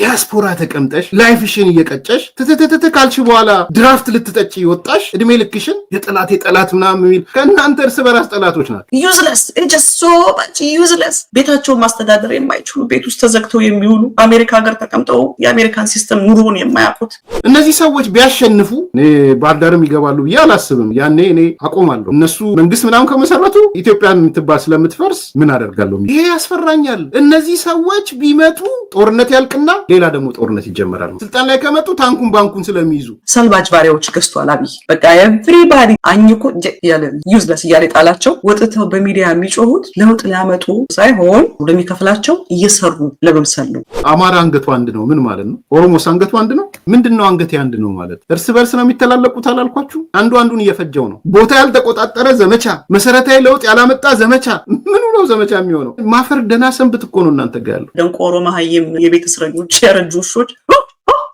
ዲያስፖራ ተቀምጠሽ ላይፍሽን እየቀጨሽ ትትትትት ካልሽ በኋላ ድራፍት ልትጠጪ ወጣሽ። እድሜ ልክሽን የጠላት የጠላት ምናምን የሚል ከእናንተ እርስ በራስ ጠላቶች ናት። ዩዝለስ ሶ ማች ዩዝለስ። ቤታቸውን ማስተዳደር የማይችሉ ቤት ውስጥ ተዘግተው የሚውሉ አሜሪካ ሀገር ተቀምጠው የአሜሪካን ሲስተም ኑሮን የማያውቁት እነዚህ ሰዎች ቢያሸንፉ እኔ ይገባሉ ብዬ አላስብም። ያኔ እኔ አቆማለሁ። እነሱ መንግስት ምናምን ከመሰረቱ ኢትዮጵያን የምትባል ስለምትፈርስ ምን አደርጋለሁ? ይሄ ያስፈራኛል። እነዚህ ሰዎች ቢመጡ ጦርነት ያልቅና ሌላ ደግሞ ጦርነት ይጀመራል። ስልጣን ላይ ከመጡ ታንኩን ባንኩን ስለሚይዙ ሰልባጅ ባሪያዎች ገዝቷል አብይ። በቃ ኤቭሪባዲ አኝኮ ያለ ዩዝለስ እያለ ጣላቸው። ወጥተው በሚዲያ የሚጮሁት ለውጥ ሊያመጡ ሳይሆን ለሚከፍላቸው እየሰሩ ለመምሰል ነው። አማራ አንገቱ አንድ ነው ምን ማለት ነው? ኦሮሞስ አንገቱ አንድ ነው ምንድን ነው? አንገቴ አንድ ነው ማለት እርስ በርስ ነው የሚተላለቁት አላልኳችሁ? አንዱ አንዱን እየፈጀው ነው። ቦታ ያልተቆጣጠረ ዘመቻ፣ መሰረታዊ ለውጥ ያላመጣ ዘመቻ። ምኑ ነው ዘመቻ የሚሆነው? ማፈር ደህና ሰንብት እኮ ነው እናንተ ጋ ያለው ደንቆሮ መሀይም የቤት እስረኞች ያረጁ ውሾች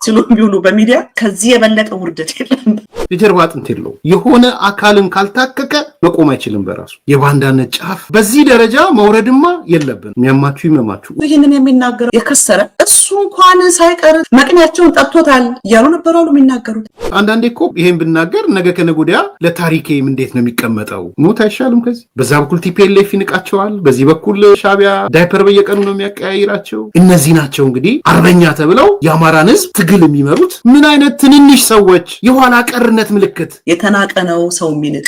ሲሉ የሚውሉ በሚዲያ ከዚህ የበለጠ ውርደት የለም። የጀርባ አጥንት የለው። የሆነ አካልን ካልታከከ መቆም አይችልም። በራሱ የባንዳነት ጫፍ በዚህ ደረጃ መውረድማ የለብን። የሚያማችሁ ይመማችሁ። ይህንን የሚናገረው የከሰረ እሱ እንኳን ሳይቀር መቅንያቸውን ጠጥቶታል እያሉ ነበሩ አሉ የሚናገሩት። አንዳንዴ እኮ ይሄን ብናገር ነገ ከነገ ወዲያ ለታሪኬም እንዴት ነው የሚቀመጠው? ሞት አይሻልም? ከዚህ በዛ በኩል ቲፒኤልኤፍ ይንቃቸዋል፣ በዚህ በኩል ሻቢያ ዳይፐር በየቀኑ ነው የሚያቀያይራቸው። እነዚህ ናቸው እንግዲህ አርበኛ ተብለው የአማራን ህዝብ ትግል የሚመሩት ምን አይነት ትንንሽ ሰዎች የኋላ ቀር የጦርነት ምልክት የተናቀ ነው ሰው የሚንቅ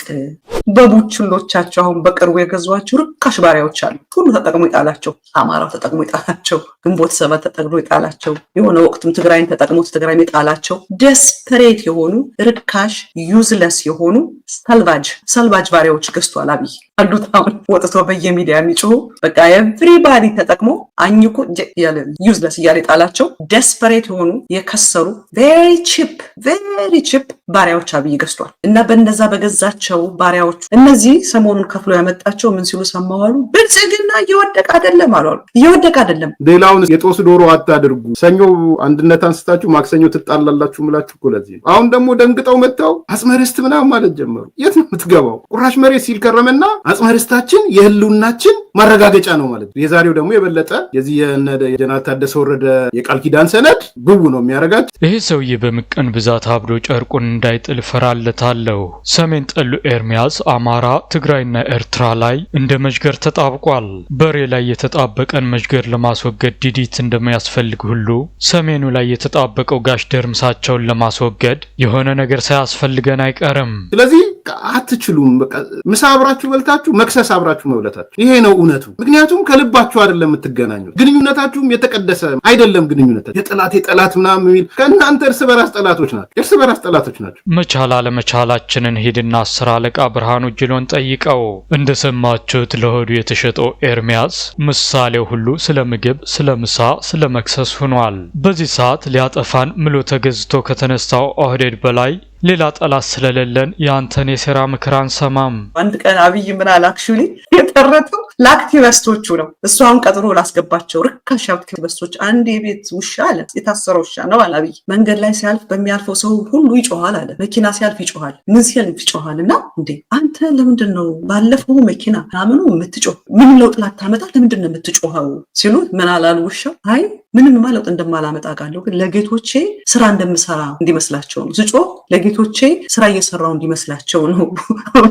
በቡችሎቻቸው አሁን በቅርቡ የገዟቸው ርካሽ ባሪያዎች አሉ። ሁሉ ተጠቅሞ ይጣላቸው። አማራው ተጠቅሞ ይጣላቸው። ግንቦት ሰባት ተጠቅሞ ይጣላቸው። የሆነ ወቅትም ትግራይን ተጠቅሞ ትግራይም ይጣላቸው። ደስፐሬት የሆኑ ርካሽ ዩዝለስ የሆኑ ሰልቫጅ ሰልቫጅ ባሪያዎች ገዝቷል አብይ። አሉት አሁን ወጥቶ በየሚዲያ የሚጮሁ በቃ ኤቭሪባዲ ተጠቅሞ አኝኮ ያለ ዩዝለስ እያለ የጣላቸው ደስፐሬት የሆኑ የከሰሩ ቬሪ ቺፕ ቬሪ ቺፕ ባሪያዎች አብይ ገዝቷል። እና በነዛ በገዛቸው ባሪያዎቹ እነዚህ ሰሞኑን ከፍሎ ያመጣቸው ምን ሲሉ ሰማዋሉ ብልጽግን እና እየወደቀ አይደለም አሉ እየወደቀ አይደለም። ሌላውን የጦስ ዶሮ አታድርጉ። ሰኞ አንድነት አንስታችሁ ማክሰኞ ትጣላላችሁ ምላችሁ እኮ ለዚህ ነው። አሁን ደግሞ ደንግጠው መጥተው አጽመርስት ምናምን ማለት ጀመሩ። የት ነው የምትገባው? ቁራሽ መሬት ሲል ከረመና አጽመርስታችን የህልውናችን ማረጋገጫ ነው ማለት ነው። የዛሬው ደግሞ የበለጠ የዚህ የጀነራል ታደሰ ወረደ የቃል ኪዳን ሰነድ ግቡ ነው የሚያረጋት። ይህ ሰውዬ በምቀን ብዛት አብዶ ጨርቁን እንዳይጥል ፈራለታለሁ። ሰሜን ጠሉ ኤርሚያስ አማራ፣ ትግራይና ኤርትራ ላይ እንደ መዥገር ተጣብቋል። በሬ ላይ የተጣበቀን መዥገር ለማስወገድ ዲዲት እንደሚያስፈልግ ሁሉ ሰሜኑ ላይ የተጣበቀው ጋሽ ደርምሳቸውን ለማስወገድ የሆነ ነገር ሳያስፈልገን አይቀርም። ስለዚህ አትችሉም። ምሳ አብራችሁ በልታችሁ መክሰስ አብራችሁ መብለታችሁ ይሄ ነው እውነቱ። ምክንያቱም ከልባችሁ አይደለም የምትገናኙት። ግንኙነታችሁም የተቀደሰ አይደለም። ግንኙነታችሁ የጠላት የጠላት ምናምን የሚል ከእናንተ እርስ በራስ ጠላቶች ናቸው። እርስ በራስ ጠላቶች ናቸው። መቻል አለመቻላችንን ሂድና አስር አለቃ ብርሃኑ ጅሎን ጠይቀው። እንደሰማችሁት ለሆዱ የተሸጠው ኤርሚያስ ምሳሌው ሁሉ ስለ ምግብ፣ ስለ ምሳ፣ ስለ መክሰስ ሆኗል። በዚህ ሰዓት ሊያጠፋን ምሎ ተገዝቶ ከተነሳው ኦህዴድ በላይ ሌላ ጠላት ስለሌለን የአንተን የሴራ ምክር አንሰማም። አንድ ቀን አብይ ምን አለ? አክቹዋሊ የተረተው ለአክቲቨስቶቹ ነው። እሷን ቀጥሮ ላስገባቸው ርካሽ አክቲቨስቶች አንድ የቤት ውሻ አለ የታሰረ ውሻ ነው አለ አብይ። መንገድ ላይ ሲያልፍ በሚያልፈው ሰው ሁሉ ይጮኋል አለ። መኪና ሲያልፍ ይጮኋል፣ ምን ሲያልፍ ይጮኋል። እና እንዴ አንተ ለምንድን ነው ባለፈው መኪና ምናምኑ የምትጮህ? ምን ለውጥ ላታመጣ ለምንድን ነው የምትጮኸው? ሲሉ ምን አላል ውሻ አይ ምንም ለውጥ እንደማላመጣ ቃለሁ፣ ግን ለጌቶቼ ስራ እንደምሰራ እንዲመስላቸው ነው ስጮ ለጌቶቼ ስራ እየሰራው እንዲመስላቸው ነው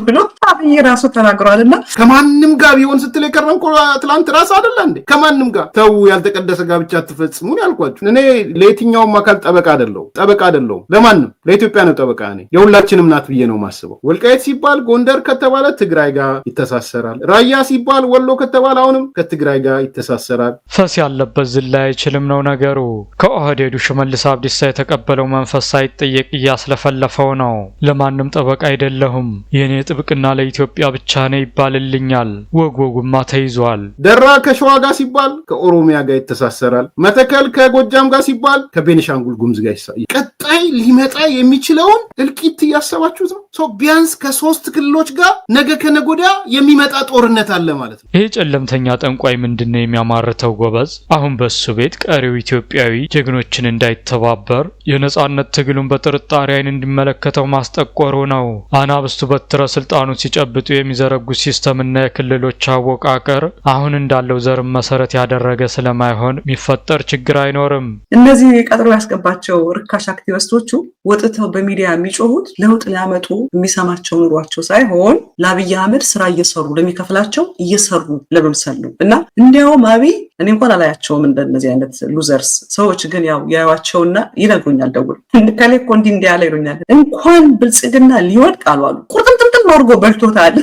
ብሎ አብይ ራሱ ተናግሯል። እና ከማንም ጋር ቢሆን ስትል የቀረም ትላንት ራስ አደለ እንዴ? ከማንም ጋር ተው፣ ያልተቀደሰ ጋብቻ አትፈጽሙን ያልኳችሁ። እኔ ለየትኛውም አካል ጠበቃ አደለው፣ ጠበቃ አደለው ለማንም። ለኢትዮጵያ ነው ጠበቃ እኔ የሁላችንም ናት ብዬ ነው ማስበው። ወልቃየት ሲባል ጎንደር ከተባለ ትግራይ ጋር ይተሳሰራል። ራያ ሲባል ወሎ ከተባለ አሁንም ከትግራይ ጋር ይተሳሰራል። ፈስ ያለበት ዝላይች አይችልም ነው ነገሩ። ከኦህዴዱ ሽመልስ አብዲሳ የተቀበለው መንፈስ ሳይጠየቅ እያስለፈለፈው ነው። ለማንም ጠበቃ አይደለሁም፣ የእኔ ጥብቅና ለኢትዮጵያ ብቻ ነው ይባልልኛል። ወግ ወጉማ ተይዟል። ደራ ከሸዋ ጋር ሲባል ከኦሮሚያ ጋር ይተሳሰራል። መተከል ከጎጃም ጋር ሲባል ከቤኒሻንጉል ጉምዝ ጋር ይሳ ቀጣይ ሊመጣ የሚችለውን እልቂት እያሰባችሁት ነው። ሰው ቢያንስ ከሶስት ክልሎች ጋር ነገ ከነጎዳ የሚመጣ ጦርነት አለ ማለት ነው። ይሄ ጨለምተኛ ጠንቋይ ምንድነው የሚያማርተው? ጎበዝ አሁን በሱ ቤት ቀሪው ኢትዮጵያዊ ጀግኖችን እንዳይተባበር የነጻነት ትግሉን በጥርጣሬ አይን እንዲመለከተው ማስጠቆሩ ነው። አናብስቱ በትረ ስልጣኑ ሲጨብጡ የሚዘረጉት ሲስተምና የክልሎች አወቃቀር አሁን እንዳለው ዘርም መሰረት ያደረገ ስለማይሆን የሚፈጠር ችግር አይኖርም። እነዚህ ቀጥሮ ያስገባቸው ርካሽ አክቲቪስቶቹ ወጥተው በሚዲያ የሚጮሁት ለውጥ ሊያመጡ የሚሰማቸው ኑሯቸው ሳይሆን ለአብይ አህመድ ስራ እየሰሩ ለሚከፍላቸው እየሰሩ ለመምሰል ነው እና እንዲያውም አብይ እኔ እንኳን አላያቸውም እንደነዚህ አይነት ሉዘርስ ሰዎች ግን ያው ያዩቸውና ይነግሩኛል። ደውል ከሌ እኮ እንዲህ እንዲያለ ይሉኛል። እንኳን ብልጽግና ሊወድቅ አሉ አሉ ቁርጥምጥምጥም አድርጎ በልቶታል።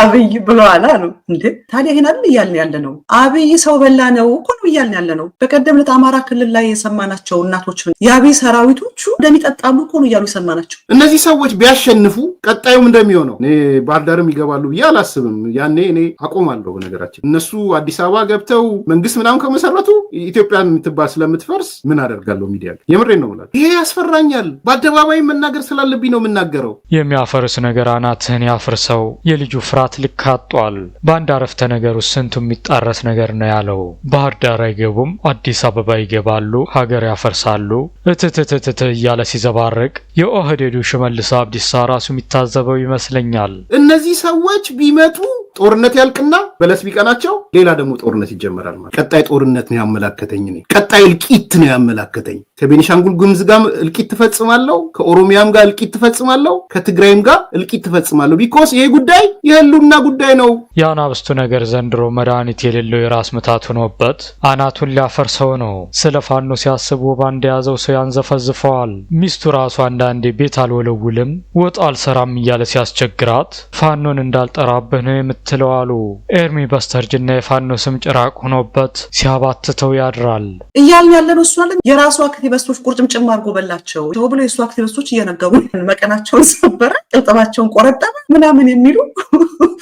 አብይ ብለዋል አሉ። እንዴ ታዲያ ይህን አይደል እያልን ያለ ነው? አብይ ሰው በላ ነው እኮ ነው እያልን ያለ ነው። በቀደም ዕለት አማራ ክልል ላይ የሰማናቸው እናቶች የአብይ ሰራዊቶቹ እንደሚጠጣሉ እኮ ነው እያሉ የሰማናቸው። እነዚህ ሰዎች ቢያሸንፉ ቀጣዩም እንደሚሆነው እኔ ባህር ዳርም ይገባሉ ብዬ አላስብም። ያኔ እኔ አቆማለሁ። በነገራችን እነሱ አዲስ አበባ ገብተው መንግስት ምናምን ከመሰረቱ ኢትዮጵያን የምትባል ስለምትፈርስ ምን አደርጋለሁ? ሚዲያ የምሬ ነው ላ ይሄ ያስፈራኛል። በአደባባይ መናገር ስላለብኝ ነው የምናገረው። የሚያፈርስ ነገር አናትህን ያፍርሰው የልጁ በፍርሃት ልክ አጧል። በአንድ አረፍተ ነገር ውስጥ ስንቱ የሚጣረስ ነገር ነው ያለው። ባህር ዳር አይገቡም፣ አዲስ አበባ ይገባሉ፣ ሀገር ያፈርሳሉ እትትትትት እያለ ሲዘባርቅ የኦህዴዱ ሽመልስ አብዲሳ ራሱ የሚታዘበው ይመስለኛል። እነዚህ ሰዎች ቢመጡ ጦርነት ያልቅና በለስ ቢቀናቸው ሌላ ደግሞ ጦርነት ይጀመራል። ማለት ቀጣይ ጦርነት ነው ያመላከተኝ። ቀጣይ እልቂት ነው ያመላከተኝ። ከቤኒሻንጉል ጉምዝ ጋር እልቂት ትፈጽማለሁ፣ ከኦሮሚያም ጋር እልቂት ትፈጽማለሁ፣ ከትግራይም ጋር እልቂት ትፈጽማለሁ። ቢኮስ ይሄ ጉዳይ የህልውና ጉዳይ ነው። የአናብስቱ ነገር ዘንድሮ መድኃኒት የሌለው የራስ ምታት ሆኖበት አናቱን ሊያፈርሰው ነው። ስለ ፋኖ ሲያስብ ወባ እንደያዘው ሰው ያንዘፈዝፈዋል። ሚስቱ ራሱ አንዳንዴ ቤት አልወለውልም ወጥ አልሰራም እያለ ሲያስቸግራት ፋኖን እንዳልጠራብህ ነው የምትለው አሉ። ኤርሚ በስተርጅና የፋኖ ስም ጭራቅ ሆኖበት ሲያባትተው ያድራል እያልን ያለነው እሷ የራሷ አክቲቨስት ቁርጭም ጭም አድርጎ በላቸው ተው ብሎ የእሱ አክቲቪስቶች እየነገሩ መቀናቸውን ሰበረ፣ ቅልጥባቸውን ቆረጠበ ምናምን የሚሉ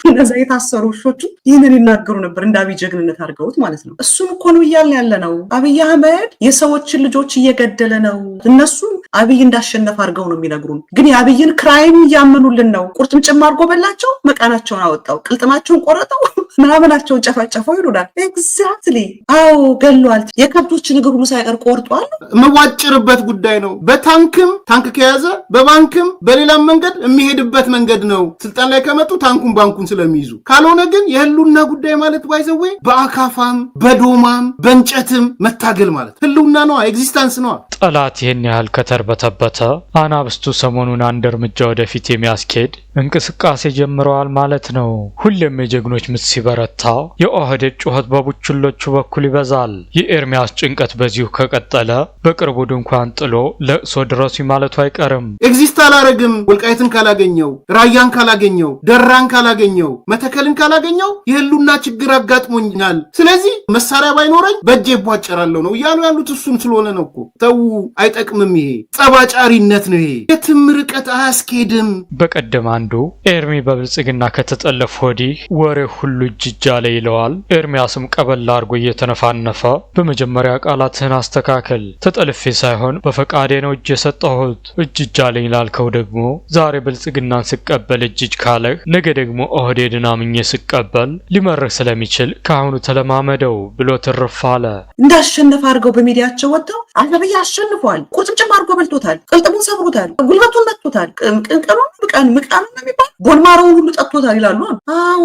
እነዛ የታሰሩ ውሾቹ ይህንን ይናገሩ ነበር እንደ አብይ ጀግንነት አድርገውት ማለት ነው። እሱን እኮ ነው እያልን ያለ ነው። አብይ አህመድ የሰዎችን ልጆች እየገደለ ነው። እነሱም አብይ እንዳሸነፍ አድርገው ነው የሚነግሩን። ግን የአብይን ክራይም እያመኑልን ነው። ቁርጥምጭም አድርጎ በላቸው፣ መቃናቸውን አወጣው፣ ቅልጥማቸውን ቆረጠው፣ ምናምናቸውን ጨፋጨፈው ይሉናል። ኤግዛክትሊ አዎ ገሏል። የከብቶችን እግር ሁሉ ሳይቀር ቆርጧል። መዋጭርበት ጉዳይ ነው። በታንክም ታንክ ከያዘ በባንክም በሌላም መንገድ የሚሄድበት መንገድ ነው። ስልጣን ላይ ከመጡ ታንኩን ባንኩን ስለሚይዙ ካልሆነ ግን የህልውና ጉዳይ ማለት ባይዘዌ በአካፋም በዶማም በእንጨትም መታገል ማለት ህልውና ነዋ፣ ኤግዚስታንስ ነዋ። ጠላት ይህን ያህል ከተርበተበተ አናብስቱ ሰሞኑን አንድ እርምጃ ወደፊት የሚያስኬድ እንቅስቃሴ ጀምረዋል ማለት ነው። ሁሌም የጀግኖች ምት ሲበረታ የኦህዴድ ጩኸት በቡችሎቹ በኩል ይበዛል። የኤርሚያስ ጭንቀት በዚሁ ከቀጠለ በቅርቡ ድንኳን ጥሎ ለቅሶ ድረሱ ማለቱ አይቀርም። ኤግዚስት አላረግም፣ ወልቃይትን ካላገኘው፣ ራያን ካላገኘው፣ ደራን ካላገኘው ካላገኘው መተከልን ካላገኘው የህሉና ችግር አጋጥሞኛል፣ ስለዚህ መሳሪያ ባይኖረኝ በእጄ ይቧጨራለሁ ነው እያሉ ያሉት። እሱም ስለሆነ ነው እኮ ተዉ፣ አይጠቅምም። ይሄ ጸባጫሪነት ነው። ይሄ የትም ርቀት አያስኬድም። በቀደም አንዱ ኤርሚ በብልጽግና ከተጠለፉ ወዲህ ወሬ ሁሉ እጅጃ ላይ ይለዋል። ኤርሚያስም ቀበል አድርጎ እየተነፋነፈ በመጀመሪያ ቃላትህን አስተካከል፣ ተጠልፌ ሳይሆን በፈቃዴ ነው እጅ የሰጠሁት። እጅጃ ላይ ላልከው ደግሞ ዛሬ ብልጽግናን ስቀበል እጅጅ ካለህ ነገ ደግሞ ኦህ ኦህዴድን አምኜ ስቀበል ሊመርህ ስለሚችል ከአሁኑ ተለማመደው ብሎ ትርፍ አለ። እንዳሸነፈ አድርገው በሚዲያቸው ወጥተው አለበያ አሸንፏል። ቁጭምጭም አድርጎ በልቶታል። ቅልጥሙን ሰብሮታል። ጉልበቱን መጥቶታል። ቅንቅሩን ምቃን ምቃኑ የሚባል ጎልማራውን ሁሉ ጠጥቶታል ይላሉ። አዎ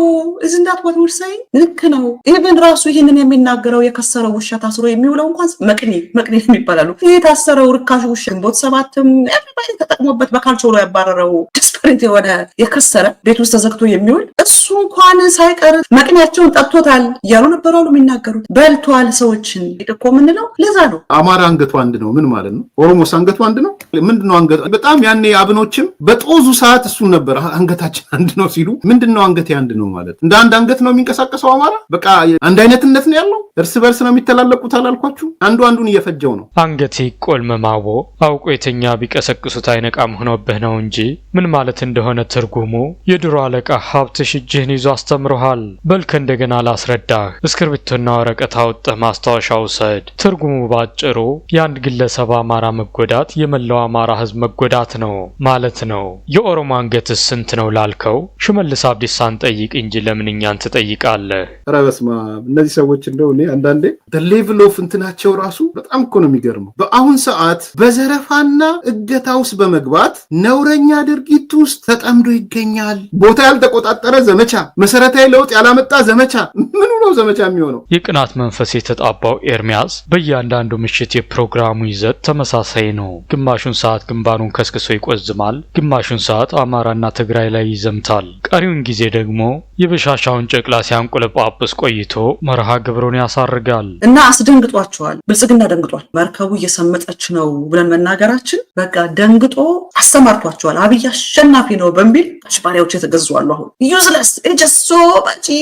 እዝንዳት ወት ሳይ ልክ ነው። ኢቨን ራሱ ይህንን የሚናገረው የከሰረው ውሻ ታስሮ የሚውለው እንኳን መቅኔ መቅኔ የሚባላሉ ይህ የታሰረው ርካሽ ውሻ ግንቦት ሰባትም ኤቨሪባዲ ተጠቅሞበት በካልቸሮ ያባረረው ዲስፐሬት የሆነ የከሰረ ቤት ውስጥ ተዘግቶ የሚውል እሱ እንኳን ሳይቀር መቅኔያቸውን ጠጥቶታል እያሉ ነበረሉ የሚናገሩት። በልቷል ሰዎችን እኮ የምንለው ለዛ ነው። አማራ አንገቱ አንድ ነው። ምን ማለት ነው? ኦሮሞስ አንገቱ አንድ ነው? ምንድነው አንገ በጣም ያኔ አብኖችም በጦዙ ሰዓት እሱን ነበር አንገታችን አንድ ነው ሲሉ፣ ምንድነው አንገቴ አንድ ነው ማለት እንደ አንድ አንገት ነው የሚንቀሳቀሰው አማራ። በቃ አንድ አይነትነት ነው ያለው። እርስ በርስ ነው የሚተላለቁት። አላልኳችሁ? አንዱ አንዱን እየፈጀው ነው። አንገቴ ቆልመማቦ አውቆ የተኛ ቢቀሰቅሱት አይነቃም ሆኖብህ ነው እንጂ ምን ማለት እንደሆነ ትርጉሙ የድሮ አለቃ ሀብትሽ እጅህን ይዞ አስተምሮሃል። በልከ እንደገና ላስረዳህ። እስክርቢቶና ወረቀት አውጥተህ ማስታወሻ ውሰድ። ትርጉሙ ባጭሩ የአንድ ግለሰብ አማራ መጎዳት የመላው አማራ ህዝብ መጎዳት ነው ማለት ነው። የኦሮሞ አንገትስ ስንት ነው ላልከው ሽመልስ አብዲሳን ጠይቅ እንጂ ለምን እኛን ትጠይቃለህ? ኧረ በስመ አብ እነዚህ ሰዎች እንደው እኔ አንዳንዴ ሌቭል ኦፍ እንትናቸው ራሱ በጣም እኮ ነው የሚገርመው። በአሁን ሰዓት በዘረፋና እገታ ውስጥ በመግባት ነውረኛ ድርጊት ውስጥ ተጠምዶ ይገኛል። ቦታ ያልተቆጣጠረ ዘመቻ፣ መሰረታዊ ለውጥ ያላመጣ ዘመቻ። ምኑ ነው ዘመቻ የሚሆነው? የቅናት መንፈስ የተጣባው ኤርሚያስ በእያንዳንዱ ምሽት የፕሮግራሙ ይዘት ተመሳሳይ ነው። ግማሹን ሰዓት ግንባሩን ከስክሶ ይቆዝማል፣ ግማሹን ሰዓት አማራና ትግራይ ላይ ይዘምታል። ቀሪውን ጊዜ ደግሞ የበሻሻውን ጨቅላ ሲያንቆለጳጵስ ቆይቶ መርሃ ግብሩን ያሳርጋል እና አስደንግጧቸዋል። ብልጽግና ደንግጧል። መርከቡ እየሰመጠች ነው ብለን መናገራችን በቃ ደንግጦ አሰማርቷቸዋል። አብይ አሸናፊ ነው በሚል አሽባሪያዎች የተገዙዋሉ። አሁን ዩዝለስ ጀሶ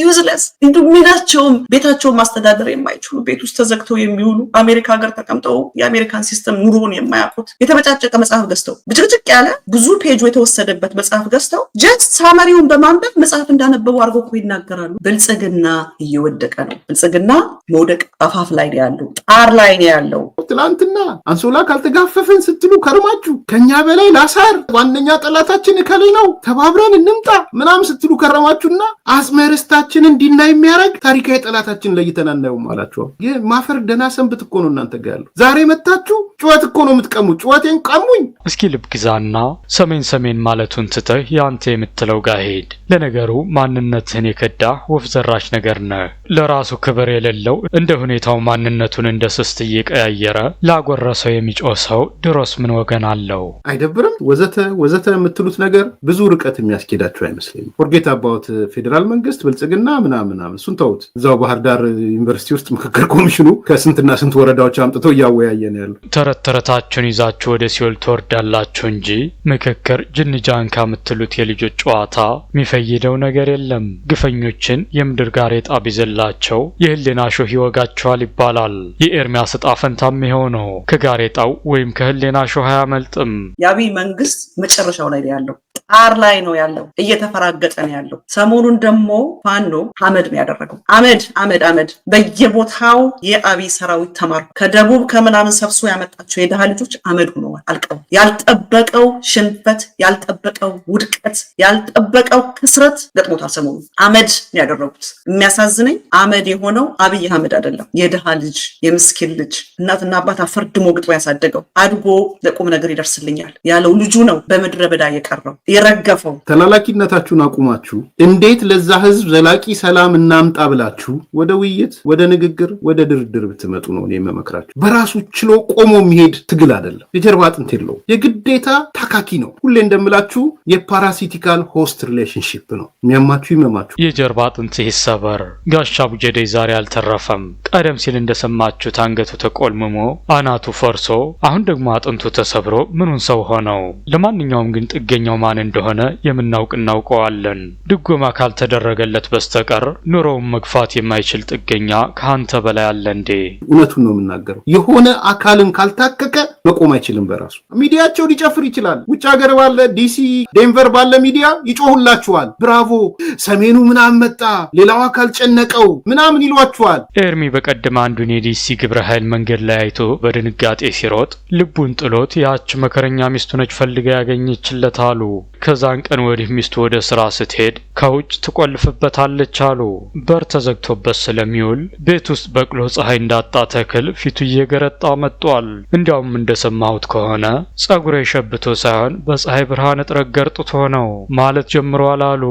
ዩዝለስ እንዱ ሚናቸውም ቤታቸውን ማስተዳደር የማይችሉ ቤት ውስጥ ተዘግተው የሚውሉ አሜሪካ ሀገር ተቀምጠው የአሜሪካን ሲስተም ኑሮን የማያውቁት የተበጫጨቀ መጽሐፍ ገዝተው ብጭቅጭቅ ያለ ብዙ ፔጁ የተወሰደበት መጽሐፍ ገዝተው ጀስት ሳመሪውን በማንበብ መጽሐፍ እንዳነበቡ አድርገው እኮ ይናገራሉ። ብልጽግና እየወደቀ ነው። ብልጽግና መውደቅ አፋፍ ላይ ነው ያለው፣ ጣር ላይ ነው ያለው። ትላንትና አንሶላ ካልተጋፈፈን ስትሉ ከርማችሁ ከኛ በላይ ላሳር ዋነኛ ጠላታችን እከሌ ነው ተባብረን እንምጣ ምናምን ስትሉ ከረማችሁና አስመርስታችን እንዲና የሚያደርግ ታሪካዊ ጠላታችን ለይተን አናየውም አላችኋል። ይህ ማፈር ደና ሰንብት እኮ ነው እናንተ ጋር ያለው። ዛሬ መታችሁ ጩኸት እኮ ነው የምትቀሙ። ጩኸቴን ቀሙኝ እስኪ ልብ ግዛና ሰሜን ሰሜን ማለቱን ትተህ የአንተ የምትለው ጋር ሄድ። ለነገሩ ማንነ ማንነትህን የከዳ ወፍ ዘራሽ ነገር ነህ። ለራሱ ክብር የሌለው እንደ ሁኔታው ማንነቱን እንደ ስስት እየቀያየረ ላጎረሰው የሚጮህ ሰው ድሮስ ምን ወገን አለው? አይደብርም? ወዘተ ወዘተ የምትሉት ነገር ብዙ ርቀት የሚያስኬዳቸው አይመስለኝም። ፎርጌት አባውት ፌዴራል መንግስት ብልጽግና ምናምን እሱን ተውት። እዛው ባህር ዳር ዩኒቨርሲቲ ውስጥ ምክክር ኮሚሽኑ ከስንትና ስንት ወረዳዎች አምጥቶ እያወያየ ያሉ ያለው። ተረት ተረታችሁን ይዛችሁ ወደ ሲኦል ትወርዳላችሁ እንጂ ምክክር ጅንጃንካ የምትሉት የልጆች ጨዋታ የሚፈይደው ነገር የለም። አይሆንም። ግፈኞችን የምድር ጋሬጣ ቢዘላቸው የህሊና ሾህ ይወጋቸዋል ይባላል። የኤርሚያስ ዕጣ ፈንታም ይኸው ነው። ከጋሬጣው ወይም ከህሊና ሾህ አያመልጥም። የአብይ መንግስት መጨረሻው ላይ ያለው ጣር ላይ ነው ያለው፣ እየተፈራገጠ ነው ያለው። ሰሞኑን ደግሞ ፋኖ አመድ ነው ያደረገው። አመድ አመድ አመድ በየቦታው የአብይ ሰራዊት ተማር ከደቡብ ከምናምን ሰብሶ ያመጣቸው የድሃ ልጆች አመድ ሆነዋል። አልቀው ያልጠበቀው ሽንፈት፣ ያልጠበቀው ውድቀት፣ ያልጠበቀው ክስረት ገጥሞታል ሰሞኑ አመድ ያደረጉት። የሚያሳዝነኝ አመድ የሆነው አብይ አህመድ አይደለም፣ የድሃ ልጅ የምስኪን ልጅ እናትና አባት አፈር ድሞ ግጥሞ ያሳደገው አድጎ ለቁም ነገር ይደርስልኛል ያለው ልጁ ነው በምድረ በዳ የቀረው የረገፈው። ተላላኪነታችሁን አቁማችሁ እንዴት ለዛ ህዝብ ዘላቂ ሰላም እናምጣ ብላችሁ ወደ ውይይት፣ ወደ ንግግር፣ ወደ ድርድር ብትመጡ ነው እኔ የምመክራችሁ። በራሱ ችሎ ቆሞ የሚሄድ ትግል አይደለም፣ የጀርባ አጥንት የለው የግዴታ ታካኪ ነው። ሁሌ እንደምላችሁ የፓራሲቲካል ሆስት ሪሌሽንሽፕ ነው የሚያማችሁ ይግረማችሁ። የጀርባ አጥንት ሰበር ጋሻ ቡጀዴ ዛሬ አልተረፈም። ቀደም ሲል እንደሰማችሁት አንገቱ ተቆልምሞ አናቱ ፈርሶ አሁን ደግሞ አጥንቱ ተሰብሮ ምኑን ሰው ሆነው። ለማንኛውም ግን ጥገኛው ማን እንደሆነ የምናውቅ እናውቀዋለን። ድጎማ ካልተደረገለት በስተቀር ኑሮውን መግፋት የማይችል ጥገኛ ከአንተ በላይ አለ እንዴ? እውነቱን ነው የምናገረው። የሆነ አካልን ካልታከከ መቆም አይችልም በራሱ። ሚዲያቸው ሊጨፍር ይችላል። ውጭ ሀገር ባለ ዲሲ፣ ዴንቨር ባለ ሚዲያ ይጮሁላችኋል። ብራቮ ሰሜኑ ምናምን መጣ፣ ሌላው አካል ጨነቀው ምናምን ይሏችኋል። ኤርሚ በቀደም አንዱን የዲሲ ግብረ ኃይል መንገድ ላይ አይቶ በድንጋጤ ሲሮጥ ልቡን ጥሎት ያች መከረኛ ሚስቱ ነች ፈልጋ ያገኘችለት አሉ። ከዛን ቀን ወዲህ ሚስቱ ወደ ስራ ስትሄድ ከውጭ ትቆልፍበታለች አሉ። በር ተዘግቶበት ስለሚውል ቤት ውስጥ በቅሎ ፀሐይ እንዳጣ ተክል ፊቱ እየገረጣ መጥቷል። እንዲያውም እንደሰማሁት ከሆነ ጸጉረ የሸብቶ ሳይሆን በፀሐይ ብርሃን እጥረት ገርጥቶ ነው ማለት ጀምሯል አሉ።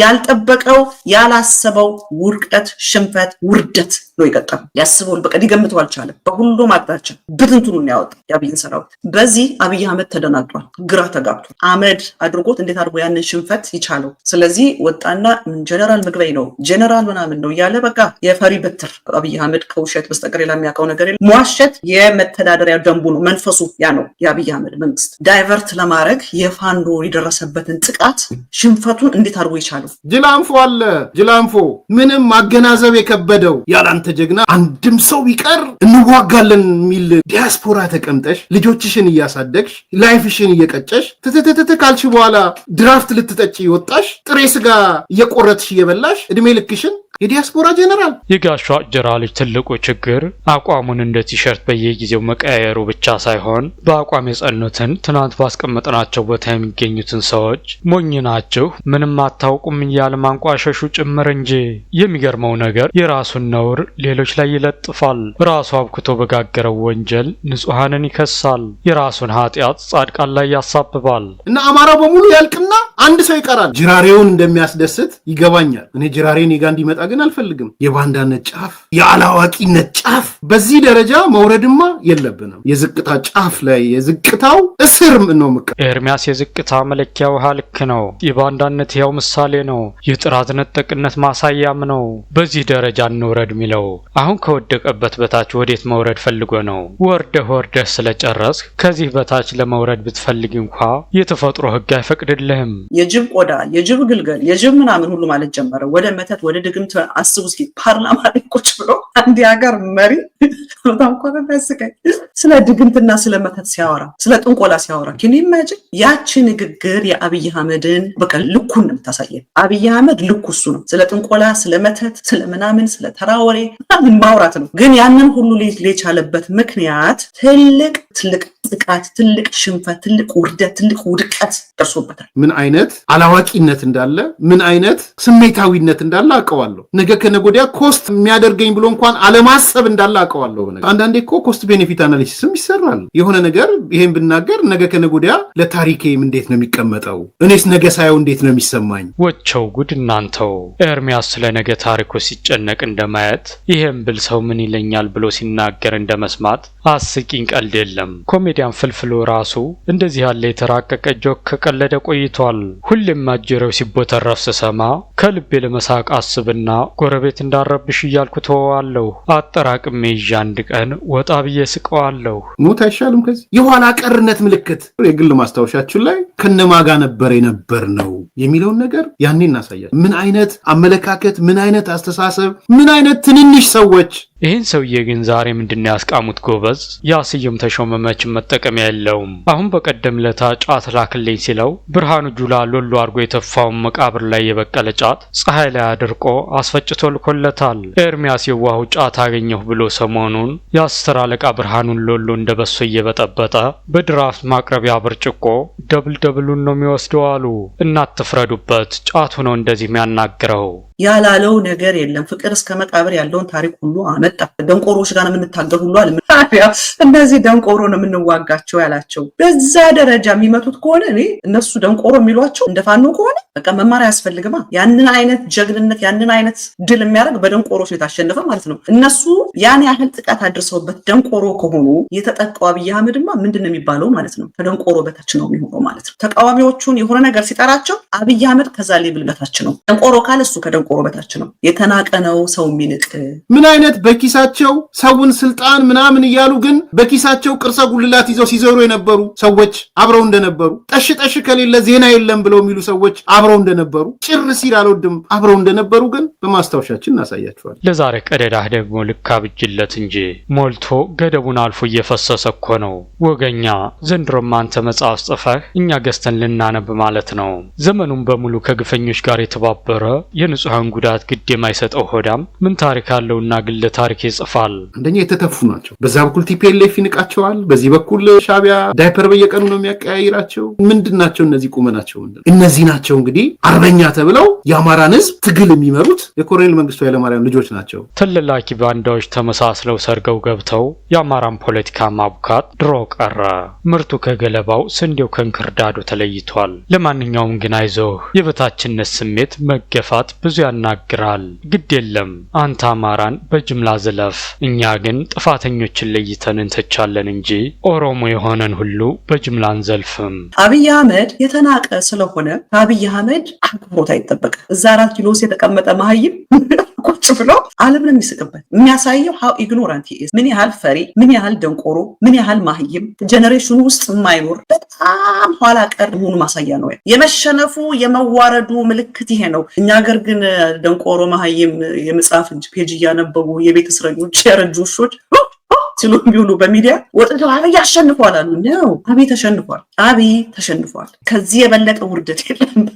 ያልጠበቀው ያላሰበው ውድቀት፣ ሽንፈት፣ ውርደት ነው የቀጠሉ ያስበው በቀ ሊገምተው አልቻለም። በሁሉም አቅጣጫ ብትንትኑን ያወጣ የአብይን ሰራዊት። በዚህ አብይ አህመድ ተደናግጧል፣ ግራ ተጋብቷል። አመድ አድርጎ አድርጎት እንዴት አድርጎ ያንን ሽንፈት ይቻለው? ስለዚህ ወጣና ጀነራል ምግበይ ነው ጀነራል ምናምን ነው እያለ በቃ የፈሪ በትር አብይ አህመድ ከውሸት በስተቀር የሚያውቀው ነገር የለም። መዋሸት የመተዳደሪያ ደንቡ ነው። መንፈሱ ያ ነው። የአብይ አህመድ መንግስት ዳይቨርት ለማድረግ የፋንዶ የደረሰበትን ጥቃት ሽንፈቱን እንዴት አድርጎ ይቻለው? ጅላንፎ አለ ጅላንፎ ምንም ማገናዘብ የከበደው ያላንተ ጀግና አንድም ሰው ቢቀር እንዋጋለን የሚል ዲያስፖራ ተቀምጠሽ ልጆችሽን እያሳደግሽ ላይፍሽን እየቀጨሽ ትትትትት ካልሽ በኋላ ድራፍት ልትጠጪ ወጣሽ፣ ጥሬ ስጋ እየቆረጥሽ እየበላሽ እድሜ ልክሽን የዲያስፖራ ጀነራል የጋሿ ጀራ ልጅ ትልቁ ችግር አቋሙን እንደ ቲሸርት በየጊዜው መቀያየሩ ብቻ ሳይሆን በአቋም የጸኑትን ትናንት ባስቀመጥናቸው ቦታ የሚገኙትን ሰዎች ሞኝ ናችሁ፣ ምንም አታውቁም እያለ ማንቋሸሹ ጭምር እንጂ። የሚገርመው ነገር የራሱን ነውር ሌሎች ላይ ይለጥፋል። ራሱ አብክቶ በጋገረው ወንጀል ንጹሐንን ይከሳል። የራሱን ኃጢአት ጻድቃን ላይ ያሳብባል እና አማራ በሙሉ ያልቅና አንድ ሰው ይቀራል። ጅራሬውን እንደሚያስደስት ይገባኛል። እኔ ጅራሬ እኔ ጋ እንዲመጣ ግን አልፈልግም። የባንዳነት ጫፍ፣ የአላዋቂነት ጫፍ፣ በዚህ ደረጃ መውረድማ የለብንም። የዝቅታ ጫፍ ላይ የዝቅታው እስር ነው ምቀ ኤርሚያስ የዝቅታ መለኪያው ውሃ ልክ ነው። የባንዳነት ያው ምሳሌ ነው። የጥራት ነጠቅነት ማሳያም ነው። በዚህ ደረጃ እንውረድ የሚለው አሁን ከወደቀበት በታች ወዴት መውረድ ፈልጎ ነው? ወርደህ ወርደህ ስለጨረስክ ከዚህ በታች ለመውረድ ብትፈልግ እንኳ የተፈጥሮ ህግ አይፈ አይፈቅድልህም። የጅብ ቆዳ፣ የጅብ ግልገል፣ የጅብ ምናምን ሁሉ ማለት ጀመረ። ወደ መተት፣ ወደ ድግምት አስቡ እስኪ። ፓርላማ ላይ ቁጭ ብሎ አንድ የሀገር መሪ በጣም እኮ ያስቀኝ፣ ስለ ድግምትና ስለ መተት ሲያወራ፣ ስለ ጥንቆላ ሲያወራ ኪን ይማጅን። ያቺ ንግግር የአብይ አህመድን በቃ ልኩን ነው የምታሳየን። አብይ አህመድ ልኩ እሱ ነው። ስለ ጥንቆላ፣ ስለ መተት፣ ስለ ምናምን፣ ስለ ተራወሬ ምናምን ማውራት ነው። ግን ያንን ሁሉ ሊል ምክንያት ትልቅ ትልቅ ጥቃት፣ ትልቅ ሽንፈት፣ ትልቅ ውርደት፣ ትልቅ ውድቀት ደርሶበታል። ምን አይነት አላዋቂነት እንዳለ፣ ምን አይነት ስሜታዊነት እንዳለ አውቀዋለሁ። ነገ ከነገ ወዲያ ኮስት የሚያደርገኝ ብሎ እንኳን አለማሰብ እንዳለ አውቀዋለሁ። በነገ አንዳንዴ እኮ ኮስት ቤኔፊት አናሊሲስም ይሰራል። የሆነ ነገር ይሄን ብናገር ነገ ከነገ ወዲያ ለታሪኬም እንዴት ነው የሚቀመጠው? እኔስ ነገ ሳየው እንዴት ነው የሚሰማኝ? ወቸው ጉድ እናንተው! ኤርሚያስ ስለ ነገ ታሪኮ ሲጨነቅ እንደማየት ይሄም ብል ሰው ምን ይለኛል ብሎ ሲናገር እንደመስማት አስቂኝ ቀልድ የለም። ኮሜዲያን ፍልፍሉ ራሱ እንደዚህ ያለ የተራቀቀ ጆክ ከቀለደ ቆይቷል። ሁሌም አጀሬው ሲቦተረፍ ስሰማ ከልቤ ለመሳቅ አስብና ጎረቤት እንዳረብሽ እያልኩ ተወዋለሁ። አጠራቅሜ ይዤ አንድ ቀን ወጣ ብዬ ስቀዋለሁ። ሞት አይሻልም ከዚህ የኋላ ቀርነት ምልክት። የግል ማስታወሻችን ላይ ከነማጋ ነበር የነበር ነው የሚለውን ነገር ያኔ እናሳያል። ምን አይነት አመለካከት፣ ምን አይነት አስተሳሰብ፣ ምን አይነት ትንንሽ ሰዎች ይህን ሰውዬ ግን ዛሬ ምንድነው ያስቃሙት? ጎበዝ ያ ስዩም ተሾመ መቼም መጠቀሚያ የለውም። አሁን በቀደም ለታ ጫት ላክልኝ ሲለው ብርሃኑ ጁላ ሎሎ አድርጎ የተፋውን መቃብር ላይ የበቀለ ጫት ፀሐይ ላይ አድርቆ አስፈጭቶ ልኮለታል። ኤርሚያስ የዋሁ ጫት አገኘሁ ብሎ ሰሞኑን የአስር አለቃ ብርሃኑን ሎሎ እንደ በሶ እየበጠበጠ በድራፍት ማቅረቢያ ብርጭቆ ደብል ደብሉን ነው የሚወስደው አሉ። እናት ጫቱ ነው እንደዚህ የሚያናግረው። ያላለው ነገር የለም። ፍቅር እስከ መቃብር ያለውን ታሪክ ሁሉ አመጣ። ደንቆሮች ጋር የምንታገል ሁሉ አለ። እነዚህ ደንቆሮ ነው የምንዋጋቸው ያላቸው በዛ ደረጃ የሚመቱት ከሆነ እኔ እነሱ ደንቆሮ የሚሏቸው እንደፋኑ ከሆነ በቃ መማር አያስፈልግማ። ያንን አይነት ጀግንነት፣ ያንን አይነት ድል የሚያደርግ በደንቆሮች የታሸነፈ ማለት ነው። እነሱ ያን ያህል ጥቃት አድርሰውበት ደንቆሮ ከሆኑ የተጠቃው አብይ አህመድማ ምንድን ነው የሚባለው ማለት ነው? ከደንቆሮ በታች ነው የሚሆነው ማለት ነው። ተቃዋሚዎቹን የሆነ ነገር ሲጠራቸው አብይ አህመድ ከዛ ሌብል በታች ነው። ደንቆሮ ካለ እሱ ከደንቆሮ ነው። የተናቀ ነው ሰው የሚንቅ ምን አይነት በኪሳቸው ሰውን ስልጣን ምናምን እያሉ ግን በኪሳቸው ቅርሰ ጉልላት ይዘው ሲዘሩ የነበሩ ሰዎች አብረው እንደነበሩ፣ ጠሽ ጠሽ ከሌለ ዜና የለም ብለው የሚሉ ሰዎች አብረው እንደነበሩ፣ ጭር ሲል አልወድም አብረው እንደነበሩ ግን በማስታወሻችን እናሳያቸዋል። ለዛሬ ቀደዳህ ደግሞ ልካብጅለት እንጂ ሞልቶ ገደቡን አልፎ እየፈሰሰ እኮ ነው ወገኛ። ዘንድሮም አንተ መጽሐፍ ጽፈህ እኛ ገዝተን ልናነብ ማለት ነው። ዘመኑን በሙሉ ከግፈኞች ጋር የተባበረ የንጹህ ብርሃን ጉዳት ግድ የማይሰጠው ሆዳም ምን ታሪክ አለውና ግለ ታሪክ ይጽፋል? አንደኛ የተተፉ ናቸው። በዛ በኩል ቲፒኤልኤፍ ይንቃቸዋል፣ በዚህ በኩል ሻቢያ ዳይፐር በየቀኑ ነው የሚያቀያይራቸው። ምንድን ናቸው እነዚህ? ቁመናቸው እነዚህ ናቸው። እንግዲህ አርበኛ ተብለው የአማራን ህዝብ ትግል የሚመሩት የኮሎኔል መንግስቱ ኃይለማርያም ልጆች ናቸው። ተለላኪ ባንዳዎች ተመሳስለው ሰርገው ገብተው የአማራን ፖለቲካ ማቡካት ድሮ ቀረ። ምርቱ ከገለባው ስንዴው ከእንክርዳዱ ተለይቷል። ለማንኛውም ግን አይዞህ የበታችነት ስሜት መገፋት ብዙ ያናግራል። ግድ የለም አንተ አማራን በጅምላ ዝለፍ፣ እኛ ግን ጥፋተኞችን ለይተን እንተቻለን እንጂ ኦሮሞ የሆነን ሁሉ በጅምላ አንዘልፍም። አብይ አህመድ የተናቀ ስለሆነ ከአብይ አህመድ አክብሮት አይጠበቅ። እዛ አራት ኪሎ የተቀመጠ መሀይም ቁጭ ብሎ አለም ነው የሚስቅበት። የሚያሳየው ሀው ኢግኖራንት ኢዝ ምን ያህል ፈሪ፣ ምን ያህል ደንቆሮ፣ ምን ያህል ማህይም ጀኔሬሽኑ ውስጥ የማይኖር በጣም ኋላ ቀር መሆኑ ማሳያ ነው። የመሸነፉ የመዋረዱ ምልክት ይሄ ነው። እኛ ሀገር ግን ደንቆሮ ማህይም የመጽሐፍ ፔጅ እያነበቡ የቤት እስረኞች ያረጁ ውሾች ሲሉ የሚውሉ በሚዲያ ወጥቶ አብይ አሸንፏል አሉ ነው። አብይ ተሸንፏል፣ አብይ ተሸንፏል። ከዚህ የበለጠ ውርደት የለም።